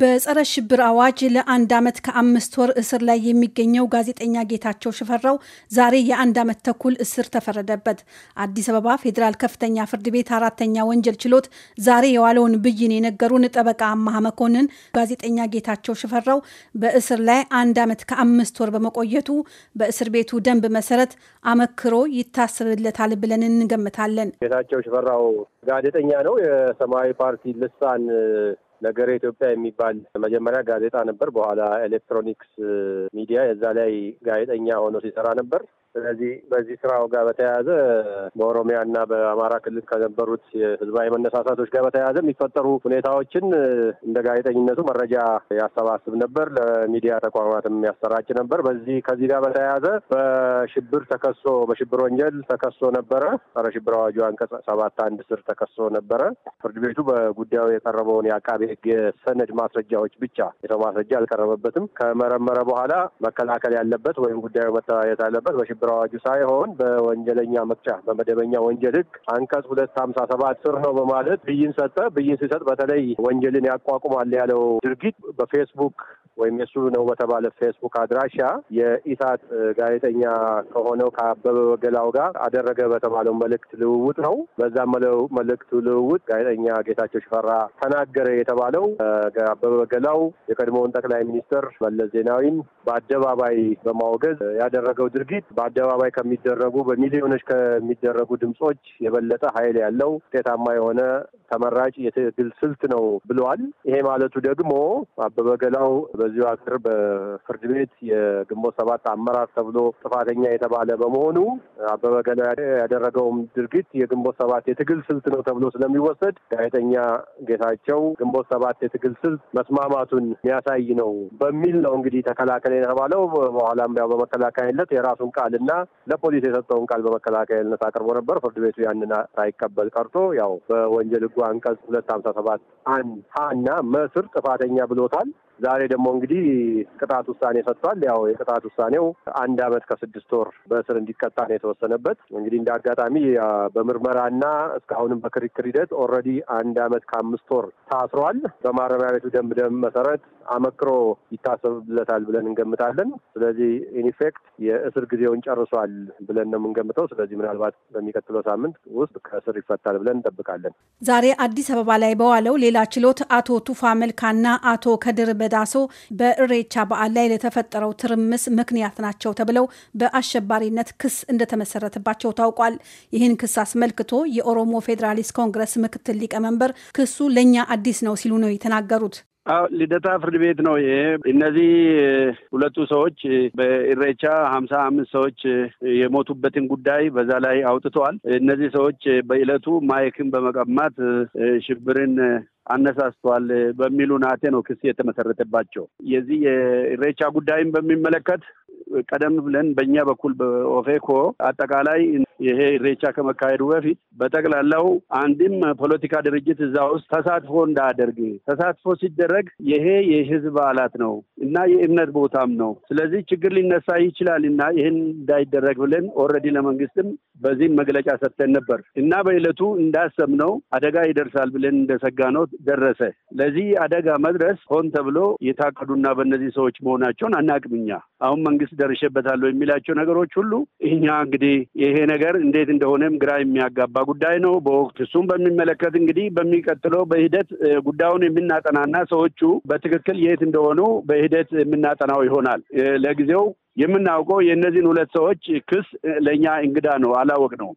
በጸረ ሽብር አዋጅ ለአንድ ዓመት ከአምስት ወር እስር ላይ የሚገኘው ጋዜጠኛ ጌታቸው ሽፈራው ዛሬ የአንድ ዓመት ተኩል እስር ተፈረደበት። አዲስ አበባ ፌዴራል ከፍተኛ ፍርድ ቤት አራተኛ ወንጀል ችሎት ዛሬ የዋለውን ብይን የነገሩን ጠበቃ አማሃ መኮንን ጋዜጠኛ ጌታቸው ሽፈራው በእስር ላይ አንድ ዓመት ከአምስት ወር በመቆየቱ በእስር ቤቱ ደንብ መሰረት አመክሮ ይታሰብለታል ብለን እንገምታለን። ጌታቸው ሽፈራው ጋዜጠኛ ነው። የሰማያዊ ፓርቲ ልሳን ነገረ ኢትዮጵያ የሚባል መጀመሪያ ጋዜጣ ነበር። በኋላ ኤሌክትሮኒክስ ሚዲያ የዛ ላይ ጋዜጠኛ ሆኖ ሲሰራ ነበር። ስለዚህ በዚህ ስራው ጋር በተያያዘ በኦሮሚያ እና በአማራ ክልል ከነበሩት የህዝባዊ መነሳሳቶች ጋር በተያያዘ የሚፈጠሩ ሁኔታዎችን እንደ ጋዜጠኝነቱ መረጃ ያሰባስብ ነበር፣ ለሚዲያ ተቋማትም ያሰራጭ ነበር። በዚህ ከዚህ ጋር በተያያዘ በሽብር ተከሶ በሽብር ወንጀል ተከሶ ነበረ። ጸረ ሽብር አዋጁ አንቀጽ ሰባት አንድ ስር ተከሶ ነበረ። ፍርድ ቤቱ በጉዳዩ የቀረበውን የአቃቤ ህግ የሰነድ ማስረጃዎች ብቻ የሰው ማስረጃ አልቀረበበትም። ከመረመረ በኋላ መከላከል ያለበት ወይም ጉዳዩ መተያየት አለበት በሽብር ቁጥር ሳይሆን በወንጀለኛ መቅጫ በመደበኛ ወንጀል ህግ አንቀጽ ሁለት ሀምሳ ሰባት ስር ነው በማለት ብይን ሰጠ። ብይን ሲሰጥ በተለይ ወንጀልን ያቋቁማል ያለው ድርጊት በፌስቡክ ወይም የእሱ ነው በተባለ ፌስቡክ አድራሻ የኢሳት ጋዜጠኛ ከሆነው ከአበበ ገላው ጋር አደረገ በተባለው መልእክት ልውውጥ ነው። በዛ መልእክቱ ልውውጥ ጋዜጠኛ ጌታቸው ሽፈራ ተናገረ የተባለው አበበ ገላው የቀድሞውን ጠቅላይ ሚኒስትር መለስ ዜናዊን በአደባባይ በማውገዝ ያደረገው ድርጊት በአደባባይ ከሚደረጉ በሚሊዮኖች ከሚደረጉ ድምጾች የበለጠ ኃይል ያለው ውጤታማ የሆነ ተመራጭ የትግል ስልት ነው ብለዋል። ይሄ ማለቱ ደግሞ አበበ ገላው በዚሁ አስር በፍርድ ቤት የግንቦት ሰባት አመራር ተብሎ ጥፋተኛ የተባለ በመሆኑ አበበ ገና ያደረገውም ድርጊት የግንቦት ሰባት የትግል ስልት ነው ተብሎ ስለሚወሰድ ጋዜጠኛ ጌታቸው ግንቦት ሰባት የትግል ስልት መስማማቱን የሚያሳይ ነው በሚል ነው እንግዲህ ተከላከለ የተባለው። በኋላም ያው በመከላከያነት የራሱን ቃል ቃልና ለፖሊስ የሰጠውን ቃል በመከላከያነት አቅርቦ ነበር። ፍርድ ቤቱ ያንን ሳይቀበል ቀርቶ ያው በወንጀል ህጉ አንቀጽ ሁለት ሀምሳ ሰባት አንድ ሀ ሀና መስር ጥፋተኛ ብሎታል። ዛሬ ደግሞ እንግዲህ ቅጣት ውሳኔ ሰጥቷል። ያው የቅጣት ውሳኔው አንድ አመት ከስድስት ወር በእስር እንዲቀጣ ነው የተወሰነበት። እንግዲህ እንደ አጋጣሚ በምርመራና እስካሁንም በክርክር ሂደት ኦልሬዲ አንድ ዓመት ከአምስት ወር ታስሯል። በማረሚያ ቤቱ ደንብ ደንብ መሰረት አመክሮ ይታሰብለታል ብለን እንገምታለን። ስለዚህ ኢንፌክት የእስር ጊዜውን ጨርሷል ብለን ነው የምንገምተው። ስለዚህ ምናልባት በሚቀጥለው ሳምንት ውስጥ ከእስር ይፈታል ብለን እንጠብቃለን። ዛሬ አዲስ አበባ ላይ በዋለው ሌላ ችሎት አቶ ቱፋ መልካና አቶ ከድር በዳሶ በእሬቻ በዓል ላይ ለተፈጠረው ትርምስ ምክንያት ናቸው ተብለው በአሸባሪነት ክስ እንደተመሰረተባቸው ታውቋል። ይህን ክስ አስመልክቶ የኦሮሞ ፌዴራሊስት ኮንግረስ ምክትል ሊቀመንበር ክሱ ለእኛ አዲስ ነው ሲሉ ነው የተናገሩት። ልደታ ፍርድ ቤት ነው ይሄ። እነዚህ ሁለቱ ሰዎች በኢሬቻ ሀምሳ አምስት ሰዎች የሞቱበትን ጉዳይ በዛ ላይ አውጥተዋል። እነዚህ ሰዎች በእለቱ ማይክን በመቀማት ሽብርን አነሳስተዋል በሚሉ ናቴ ነው ክስ የተመሰረተባቸው። የዚህ የኢሬቻ ጉዳይን በሚመለከት ቀደም ብለን በእኛ በኩል በኦፌኮ አጠቃላይ ይሄ ሬቻ ከመካሄዱ በፊት በጠቅላላው አንድም ፖለቲካ ድርጅት እዛ ውስጥ ተሳትፎ እንዳያደርግ፣ ተሳትፎ ሲደረግ ይሄ የህዝብ በዓላት ነው እና የእምነት ቦታም ነው። ስለዚህ ችግር ሊነሳ ይችላል እና ይህን እንዳይደረግ ብለን ኦልሬዲ ለመንግስትም በዚህም መግለጫ ሰጥተን ነበር እና በዕለቱ እንዳሰብነው አደጋ ይደርሳል ብለን እንደሰጋ ነው ደረሰ። ለዚህ አደጋ መድረስ ሆን ተብሎ የታቀዱና በእነዚህ ሰዎች መሆናቸውን አናቅምኛ አሁን መንግስት ደርሼበታለሁ የሚላቸው ነገሮች ሁሉ እኛ እንግዲህ ይሄ ነገር እንዴት እንደሆነም ግራ የሚያጋባ ጉዳይ ነው። በወቅት እሱም በሚመለከት እንግዲህ በሚቀጥለው በሂደት ጉዳዩን የምናጠናና ሰዎቹ በትክክል የት እንደሆኑ በሂደት የምናጠናው ይሆናል። ለጊዜው የምናውቀው የእነዚህን ሁለት ሰዎች ክስ ለእኛ እንግዳ ነው፣ አላወቅ ነው።